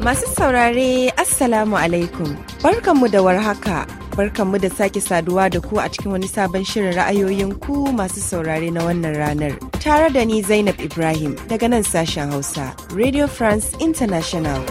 Masu saurare Assalamu alaikum barkanmu da warhaka barkanmu da sake saduwa da ku a cikin wani sabon shirin ra'ayoyin ku masu saurare na wannan ranar tare da ni Zainab Ibrahim daga nan sashen Hausa Radio France International.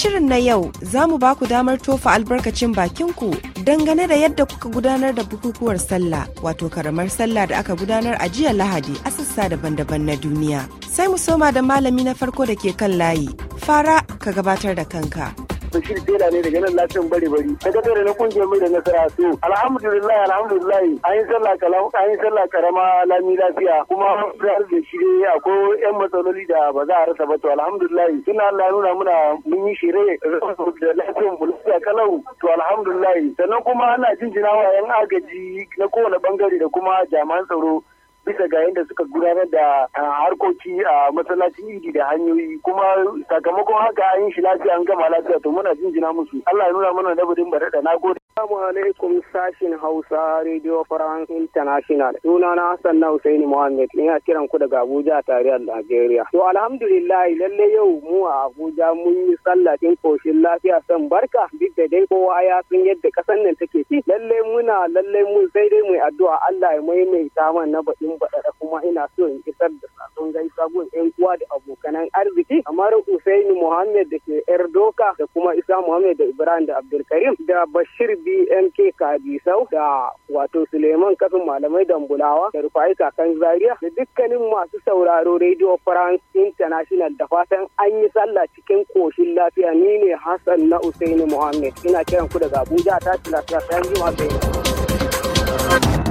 shirin na yau za mu baku damar tofa albarkacin bakinku dangane da yadda kuka gudanar da bukukuwar sallah wato karamar sallah da aka gudanar a jiya lahadi a sassa daban-daban na duniya. Sai mu soma da malami na farko da ke kan layi. Fara ka gabatar da kanka. Bashir Tela ne daga nan lafiyan bari bari. Sakatare na kungiyar mai da nasara so. Alhamdulillah alhamdulillah an yi sallah kalam an yi sallah karama lami lafiya kuma har da shi akwai yan matsaloli da ba za a rasa ba to alhamdulillah tun Allah ya nuna muna mun yi shire da lafiyan mu lafiya kalau to alhamdulillah sannan kuma ana jinjina wa yan agaji na kowane bangare da kuma jami'an tsaro bisa ga yadda suka gudanar da harkoki a masallacin idi da hanyoyi kuma sakamakon haka an yi shi lafiya an gama lafiya to muna jinjina musu Allah ya nuna mana nabudin bare da nagode Assalamu alaikum sashin Hausa Radio France International. Suna na Hassan na Hussaini Mohammed a kiran ku daga Abuja tarihar Najeriya. To alhamdulillah lalle yau mu a Abuja mun yi sallacin koshin lafiya san barka duk da dai kowa ya san yadda kasan nan take ci. Lalle muna lalle mun sai dai mu addu'a Allah ya maimaita mana na baɗin baɗaɗa kuma ina so in isar da sun gaisa sabon yan uwa da abokanan arziki kamar Usaini Muhammad da ke Erdoka da kuma Isa Muhammad da Ibrahim da Abdulkarim da Bashir BMK Kadisau da wato Suleiman Kafin Malamai Dambulawa da Rufai Kakan Zaria da dukkanin masu sauraro Radio France International da fatan an yi sallah cikin koshin lafiya ni ne Hassan na Usaini Muhammad ina kiran ku daga Abuja ta lafiya ta yi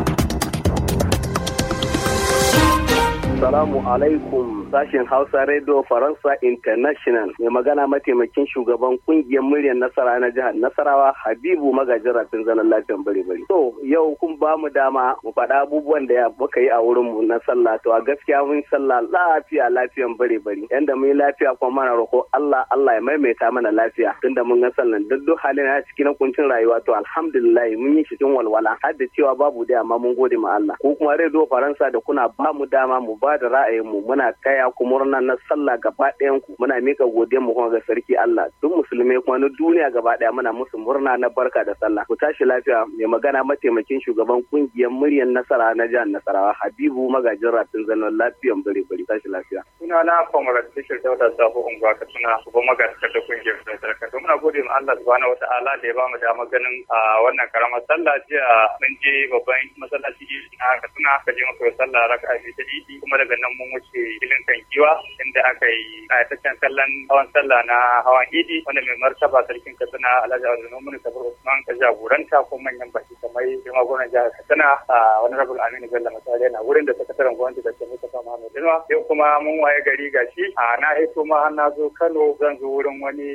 السلام عليكم sashen Hausa Radio Faransa International mai magana mataimakin shugaban kungiyar muryar nasara na jihar Nasarawa Habibu Magajin Rafin Zanen Lafiyan Bari Bari. So, yau kun ba mu dama mu faɗa abubuwan da muka yi a wurin mu na sallah to a gaskiya mun sallah lafiya lafiyan Bari Bari yanda mun yi lafiya kuma mana roko Allah Allah ya maimaita mana lafiya tunda mun ga sallan duk duk halin na cikin kuncin rayuwa to alhamdulillah mun yi cikin walwala har da cewa babu da amma mun gode ma Allah ko kuma Radio Faransa da kuna ba mu dama mu ba da ra'ayin mu muna kai ya ku murna na sallah gaba ɗayan ku muna mika godiya mu ga sarki Allah duk musulmai kuma na duniya gaba ɗaya muna musu murna na barka da sallah ku tashi lafiya mai magana mataimakin shugaban kungiyar muryar nasara na jihar Nasarawa Habibu magajin rafin zanen lafiyan bari bari tashi lafiya suna na kwamarar tashar dauda sabo unguwa ka suna kuma magajin da kungiyar sarka to muna gode ma Allah subhanahu wataala da ya bamu dama ganin a wannan karamar sallah jiya mun je babban masallaci na ka suna ka je maka sallah raka'a ta idi kuma daga nan mun wuce ilin kan giwa inda aka yi ayataccen sallan hawan sallah na hawan idi wanda mai martaba sarkin katsina alhaji abdulmumin kabir usman ka jagoranta ko manyan baki makamai girma gwamnan jihar katsina a wani rabin aminu bello misali na wurin da sakataren gwamnati da ke mustapha muhammad dinwa yau kuma mun waye gari ga shi a na haifo ma na zo kano zan zo wurin wani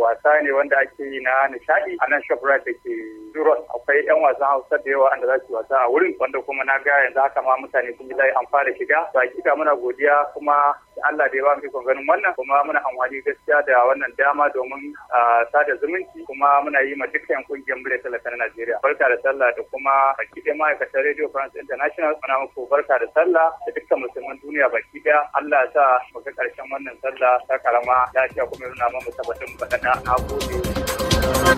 wasa ne wanda ake yi na nishaɗi a nan shoprite da ke duros akwai yan wasan hausa da yawa da za su wasa a wurin wanda kuma na ga yanzu haka ma mutane sun yi layi an fara shiga ba kika muna godiya kuma Allah da ya ba mu ikon ganin wannan kuma muna amfani gaskiya da wannan dama domin sada zumunci kuma muna yi ma dukkan kungiyar murya talaka na Najeriya barka da sallah da kuma baki ɗaya ma'aikatan Radio France International muna muku barka da sallah da dukkan musulman duniya baki ɗaya Allah sa mu ga ƙarshen wannan sallah ta karama lafiya kuma nuna mu tabbatin faɗaɗa na gode.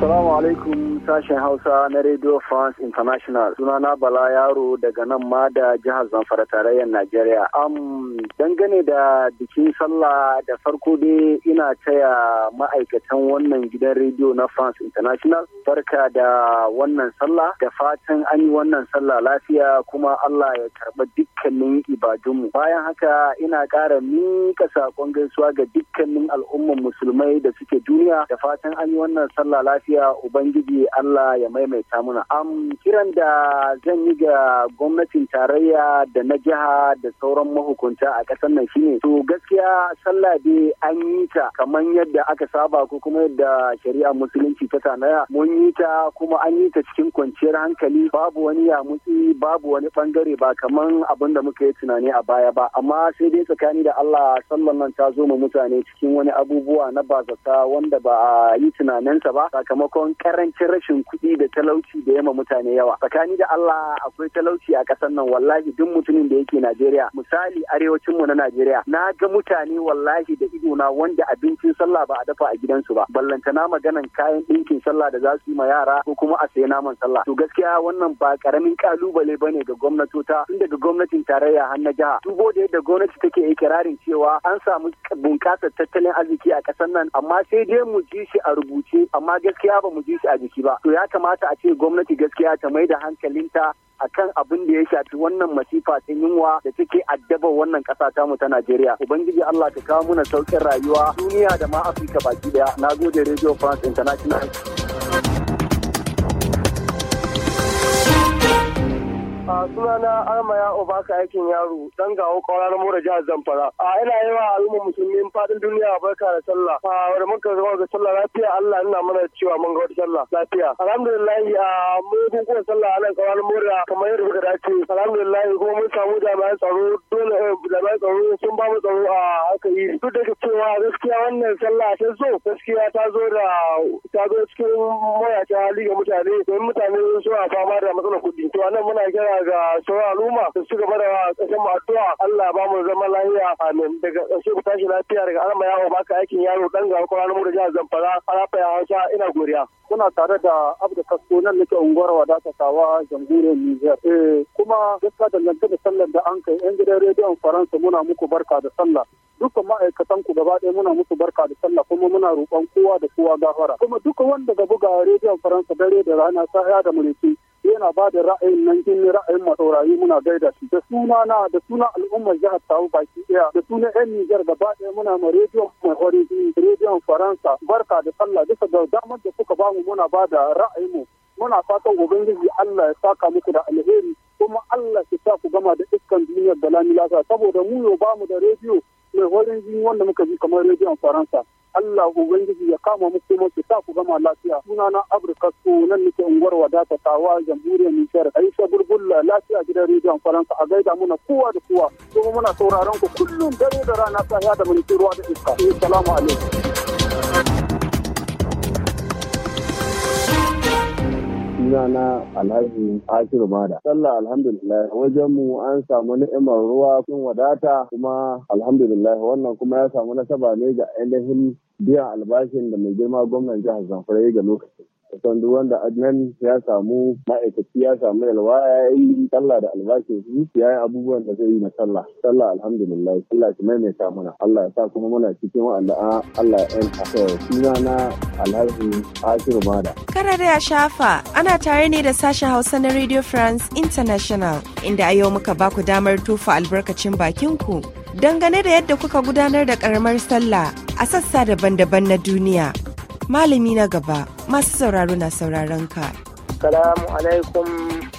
Assalamu alaikum sashen Hausa na Radio France International. Sunana Bala Yaro daga nan ma da jihar Zamfara tarayyar Najeriya. Am dangane da bikin sallah da farko dai ina taya ma'aikatan wannan gidan rediyo na France International. Barka da wannan sallah da fatan an yi wannan sallah lafiya kuma Allah ya karɓa dukkanin ibadunmu. Bayan haka ina ƙara miƙa saƙon gaisuwa ga dukkanin al'umman musulmai da suke duniya da fatan an yi wannan sallah lafiya lafiya Ubangiji Allah ya maimaita muna. Am kiran da zan yi ga gwamnatin tarayya da na jiha da sauran mahukunta a ƙasar nan shine to gaskiya sallah dai an yi ta kamar yadda aka saba ko kuma yadda shari'a musulunci ta tanaya mun yi ta kuma an yi ta cikin kwanciyar hankali babu wani yamutsi babu wani bangare ba kamar abin da muka yi tunani a baya ba amma sai dai tsakani da Allah sallan nan ta zo mu mutane cikin wani abubuwa na bazata wanda ba a yi tunaninsa ba sakamakon karancin rashin kuɗi da talauci da yama mutane yawa tsakani da Allah akwai talauci a ƙasar nan wallahi duk mutumin da yake Najeriya misali arewacin mu na Najeriya na ga mutane wallahi da idona wanda abincin sallah ba a dafa a gidansu ba na maganan kayan ɗinkin sallah da za su yi ma yara ko kuma a sayi naman sallah to gaskiya wannan ba karamin kalubale bane ga gwamnatota tun daga gwamnatin tarayya har na jiha dubo da yadda gwamnati take ikirarin cewa an samu bunƙasar tattalin arziki a ƙasar nan amma sai dai mu ji shi a rubuce amma gaskiya gaskiya ba mu ji shi a jiki ba to ya kamata a ce gwamnati gaskiya ta mai da hankalinta kan abin da ya shafi wannan masifa ta yunwa da take addaba wannan ƙasa ta mu ta Najeriya. Ubangiji Allah ta kawo mana saukin rayuwa duniya da ma Afirka baki daya. Na gode Radio France International. sunana Armaya Obaka aikin yaro dan gawo kwara mura jihar Zamfara. A ina yi wa al'ummar musulmin fadin duniya barka da sallah. A wanda muka zama ga sallah lafiya Allah ina mana cewa mun ga wata sallah lafiya. Alhamdulillah a mun kuma sallah ana kwara mura kamar yadda muka dace. Alhamdulillah kuma mun samu jami'an tsaro dole eh, jami'an tsaro sun ba mu tsaro a haka yi. Duk da cewa gaskiya wannan sallah ta zo gaskiya ta zo da ta zo cikin mawuyacin hali ga mutane domin mutane suna fama da matsalar kuɗi. To anan muna kira daga sauran al'umma su ci gaba da kasan mu addu'a Allah ba mu zama lafiya amin daga ƙarshe mu tashi lafiya daga alama yawo baka aikin yaro dan ga kwana mu da jihar Zamfara Arafa ya Hausa ina goriya kuna tare da Abdul Kasko nan nake unguwar wadata tawa jamhuriyar Nijar eh kuma gaskiya nan da sallar da an kai yan gidan rediyon Faransa muna muku barka da sallah dukkan ma'aikatan ku gaba ɗaya muna musu barka da sallah kuma muna roƙon kowa da kowa gafara kuma duka wanda ga buga rediyon Faransa dare da rana sa'a da mulki yana ba da ra'ayin nan gini ra'ayin matsaurayi muna gaida shi da suna na da suna al'ummar jihar tawu baki ɗaya da suna yan Nijar gaba ɗaya muna ma rediyon mai origin rediyon Faransa barka da sallah duka ga damar da kuka bamu muna ba da ra'ayinmu muna fatan ubangiji Allah ya saka muku da alheri kuma Allah ya sa ku gama da iskan duniyar da lami saboda mu yau bamu da rediyo mai horin jini wanda muka ji kamar rediyon Faransa Allah ubangiji ya kama muku kuma su sa ku gama lafiya sunana Afirka so nan nake unguwar wadata tawa jamhuriyar Nijar Aisha Gurgulla lafiya gidan rediyon Faransa a gaida muna kowa da kowa kuma muna sauraron ku kullum dare da rana ya da minti da iska assalamu eh, alaikum sunana Alhaji Ashiru Mada. Sallah alhamdulillah wajen mu an samu ni'imar ruwa sun wadata kuma alhamdulillah wannan kuma ya samu nasaba ne ga ainihin biyan albashin da mai girma gwamnan jihar Zamfara ga lokacin. kusan duk wanda adnan ya samu ma'aikaci ya samu yalwa ya yi sallah da albashin su ya yi abubuwan da zai yi na sallah sallah alhamdulillah Allah ki maimaita mana Allah ya sa kuma muna cikin wa'anda Allah ya yanka to suna na Alhaji Asir Mada kada da ya shafa ana tare ne da sashen Hausa na Radio France International inda a yau muka baku damar tofa albarkacin bakin ku dangane da yadda kuka gudanar da karamar sallah a sassa daban-daban na duniya malami na gaba masu sauraro na sauraron ka. Salamu alaikum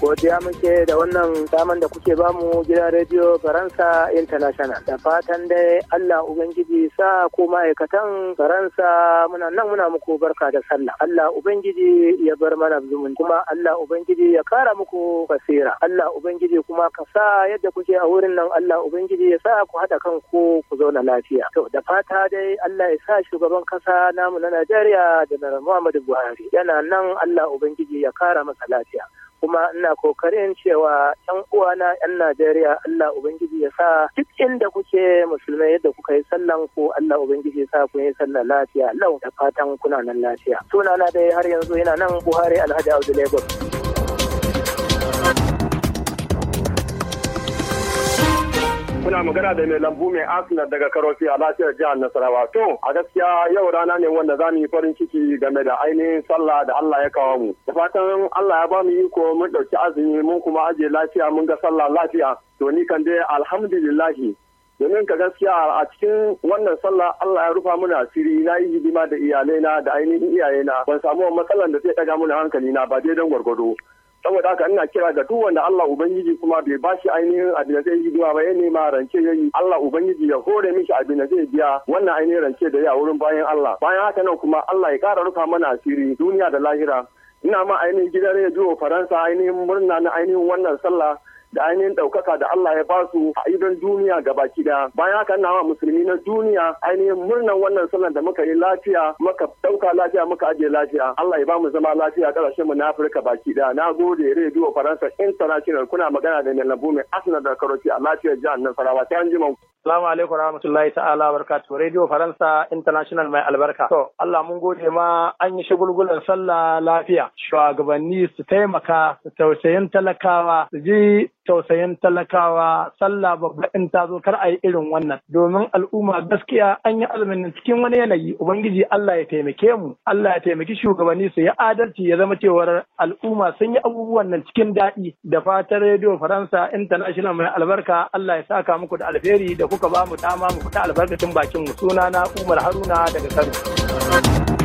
godiya muke da wannan daman da kuke bamu gidan rediyo faransa international da fatan dai allah ubangiji sa ko ma'aikatan faransa muna nan muna muku barka da sallah allah ubangiji ya bar mana zumun kuma allah ubangiji ya kara muku basira allah ubangiji kuma ka sa yadda kuke a wurin nan allah ubangiji ya sa ku haɗa kanku ku zauna lafiya to da fata dai allah ya sa shugaban kasa namu na najeriya da na muhammadu buhari yana nan allah ubangiji ya kara masa lafiya kuma ina kokarin cewa yan uwana yan Najeriya Allah ubangiji ya sa duk inda kuke musulmai yadda kuka yi sallan ku Allah ubangiji ya sa ku yi sallan lafiya lau da fatan kuna nan lafiya sunana dai har yanzu yana nan Buhari Alhaji Abdul Lagos Muna magana da mai lambu mai Arsenal daga Karofi a lafiyar jihar Nasarawa. To, a gaskiya yau rana ne wanda za mu yi farin ciki game da ainihin sallah da Allah ya kawo mu. Da fatan Allah ya ba mu iko mun ɗauki azumi mun kuma aje lafiya mun ga sallah lafiya. To ni kan dai alhamdulillahi. Domin ka gaskiya a cikin wannan sallah Allah ya rufa mana asiri na yi hidima da iyalaina da ainihin iyayena ban samu matsalar da zai ɗaga mana hankali na ba dai don gwargwado. saboda haka ina kira ga duk wanda Allah ubangiji kuma bai ba shi ainihin abin da zai yi duwa ba ya nema rance ya yi Allah ubangiji ya hore mishi abin da zai biya wannan ainihin rance da ya wurin bayan Allah bayan haka nan kuma Allah ya kara rufa mana asiri duniya da lahira ina ma ainihin gidan rediyo Faransa ainihin murna na ainihin wannan sallah da ainihin ɗaukaka da Allah ya basu a idon duniya ga baki daya bayan haka na wa musulmi na duniya ainihin murnan wannan sallar da muka yi lafiya muka ɗauka lafiya muka ajiye lafiya Allah ya ba mu zama lafiya ƙasashen mu na Afirka baki ɗaya na gode rediyo Faransa International kuna magana da mai mai asna da karoti a lafiyar jihar Nasarawa sai an ji mu Assalamu alaikum warahmatullahi ta'ala barkatu Radio Faransa International mai albarka. To Allah mun gode ma an yi shagulgulan sallah lafiya. Shugabanni su taimaka su tausayin talakawa su ji tausayin talakawa sallah babba in ta zo kar a yi irin wannan domin al'umma gaskiya an yi azumin cikin wani yanayi ubangiji Allah ya taimake mu Allah ya taimaki shugabanni su Ya adalci ya zama cewar al'umma sun yi abubuwan nan cikin daɗi da fatan rediyo Faransa International mai albarka Allah ya saka muku da alheri da kuka ba mu dama mu fita albarkacin bakin mu sunana Umar Haruna daga Kano.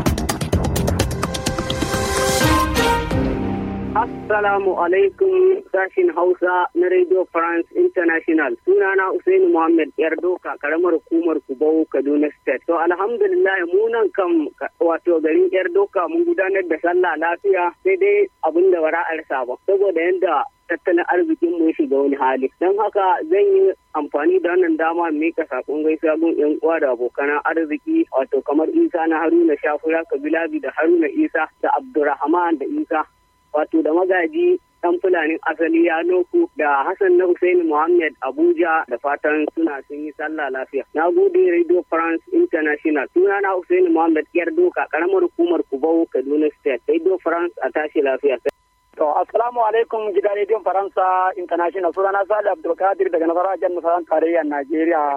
Assalamu alaikum sashin Hausa na Radio France International. Sunana Usainu Muhammad Yardoka karamar hukumar Kubau Kaduna State. To alhamdulillah mu nan kan wato garin Yardoka mun gudanar da sallah lafiya sai dai abin da wara'ar a ba. Saboda yadda tattalin arzikin mu shiga wani hali don haka zan yi amfani da wannan dama mika sakon gaisuwa gun yan uwa da abokan arziki wato kamar isa na haruna shafura kabilabi da haruna isa da abdurrahman da isa wato da magaji dan fulanin asali ya noku da Hassan na Hussein muhammed Abuja da fatan suna sun yi sallah lafiya. Na gode Radio France International. Suna na Hussein Muhammad Yar Doka karamar hukumar Kubau Kaduna State. Radio France a tashi lafiya. To assalamu alaikum gidan Radio Faransa International. Suna na Sale Abdulkadir daga nasarar jihar Nasarar Tarayyar Najeriya.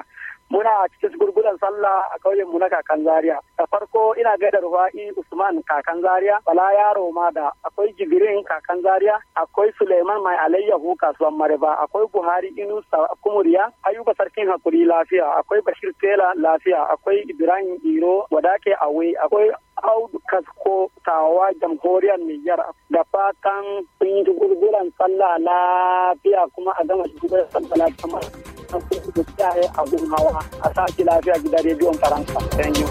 muna cikin gurgudan sallah a ƙauyen mu na kakan zaria da farko ina gaida rufa'i usman kakan zaria bala yaro ma da akwai jibrin kakan zaria akwai suleiman mai alayyahu kasuwan mareba akwai buhari inusa kumuriya ayuba sarkin hakuri lafiya akwai bashir tela lafiya akwai ibrahim iro wadake awe akwai audu kasko tawa jamhuriyar Nijar da fatan sun yi gurguran sallah lafiya kuma a gama shugaban sallah lafiya kuma a kiyaye a gun hawa a sake lafiya gidan rediyon faransa thank you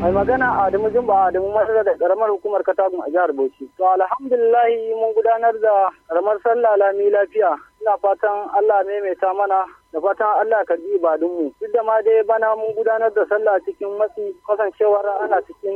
mai magana Adamu a Adamu Madara da karamar hukumar Katagun a jihar Bauchi. To alhamdulillah mun gudanar da karamar sallah lami lafiya. Ina fatan Allah maimaita mana da fatan Allah ka ji ibadunmu duk da ma dai bana mun gudanar da sallah cikin matsi kasancewar ana cikin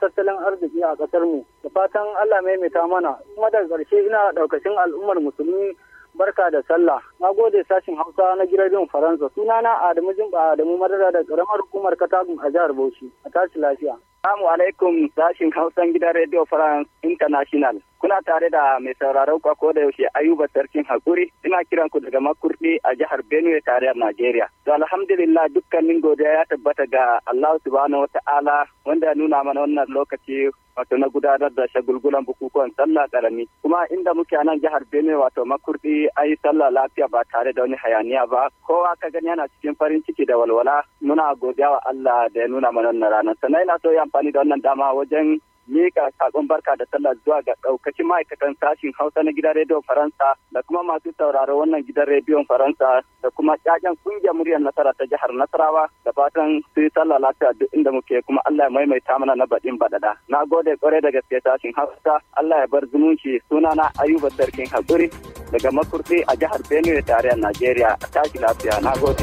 tattalin arziki a ƙasar mu da fatan Allah maimaita mana kuma daga ƙarshe ina ɗaukacin al'ummar musulmi barka da sallah na gode sashin hausa na gidan faransa sunana adamu jimba adamu madara da ƙaramar hukumar katagun a jihar bauchi a tashi lafiya Assalamu alaikum sashin Hausan gidan Radio France International. Kuna tare da mai sauraron kwako da yaushe Ayuba Sarkin Hakuri, ina kiran ku daga Makurdi a jihar Benue tarayyar Najeriya. To alhamdulillah dukkanin godiya ya tabbata ga Allah subhanahu wata'ala wanda ya nuna mana wannan lokaci wato na gudanar da shagulgulan bukukuwan sallah karami. Kuma inda muke a nan jihar Benue wato Makurdi ayi sallah lafiya ba tare da wani hayaniya ba. Kowa ka gani yana cikin farin ciki da walwala. Muna godiya wa Allah da ya nuna mana wannan ranar. Sannan ina so ya amfani da wannan dama wajen mika sakon barka da sallah zuwa ga daukacin ma'aikatan sashin hausa na gidan rediyon faransa da kuma masu sauraro wannan gidan rediyon faransa da kuma ƴaƴan kungiyar muryar nasara ta jihar nasarawa da fatan su yi sallah lafiya duk inda muke kuma allah ya maimaita mana na baɗin baɗaɗa na gode kwarai da gaske sashin hausa allah ya bar zumunci sunana ayuba sarkin haƙuri daga makurfi a jihar benue tarayyar najeriya a tashi lafiya na gode.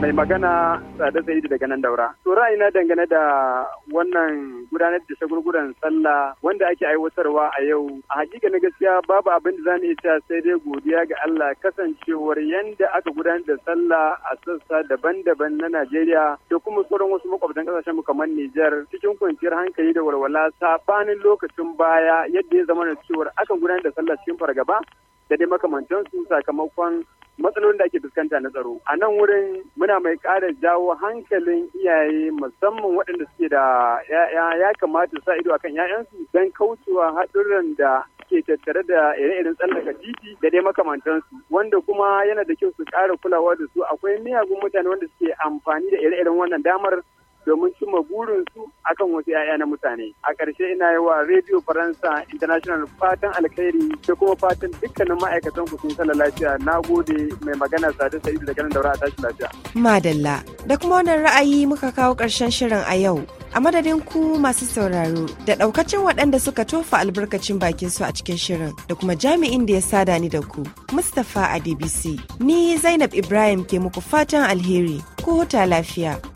mai magana tsada zai daga nan daura. To ra'ayina dangane da wannan gudanar da shagulguran sallah wanda ake aiwatarwa a yau a hakika na gaskiya babu abin da zamu iya sai dai godiya ga Allah kasancewar yanda aka gudanar da sallah a sassa daban-daban na Najeriya da kuma tsoron wasu makwabtan kasashen mu kamar Nijar cikin kwanciyar hankali da walwala sabanin lokacin baya yadda ya zama na cewar aka gudanar da sallah cikin fargaba da dai makamantansu sakamakon matsalolin da ake fuskanta na tsaro a nan wurin muna mai ƙara jawo hankalin iyaye musamman waɗanda suke da ya kamata sa ido akan 'ya'yansu don kaucewa haɗurran da ke tattare da ire-iren tsallaka titi da dai makamantansu wanda kuma yana da kyau su ƙara kulawa da su akwai miyagun mutane wanda suke amfani da ire-iren wannan damar domin cimma burinsu akan wasu 'ya'ya na mutane. A ƙarshe ina yi wa Radio Faransa International fatan alkhairi da kuma fatan dukkanin ma'aikatan ku sun kala lafiya. Na gode mai magana Sadu Sa'idu da ganin daura a tashi lafiya. Madalla, da kuma wannan ra'ayi muka kawo ƙarshen shirin a yau. A madadin ku masu sauraro da ɗaukacin waɗanda suka tofa albarkacin bakin su a cikin shirin da kuma jami'in da ya sada ni da ku, Mustapha a DBC. Ni Zainab Ibrahim ke muku fatan alheri, ku huta lafiya.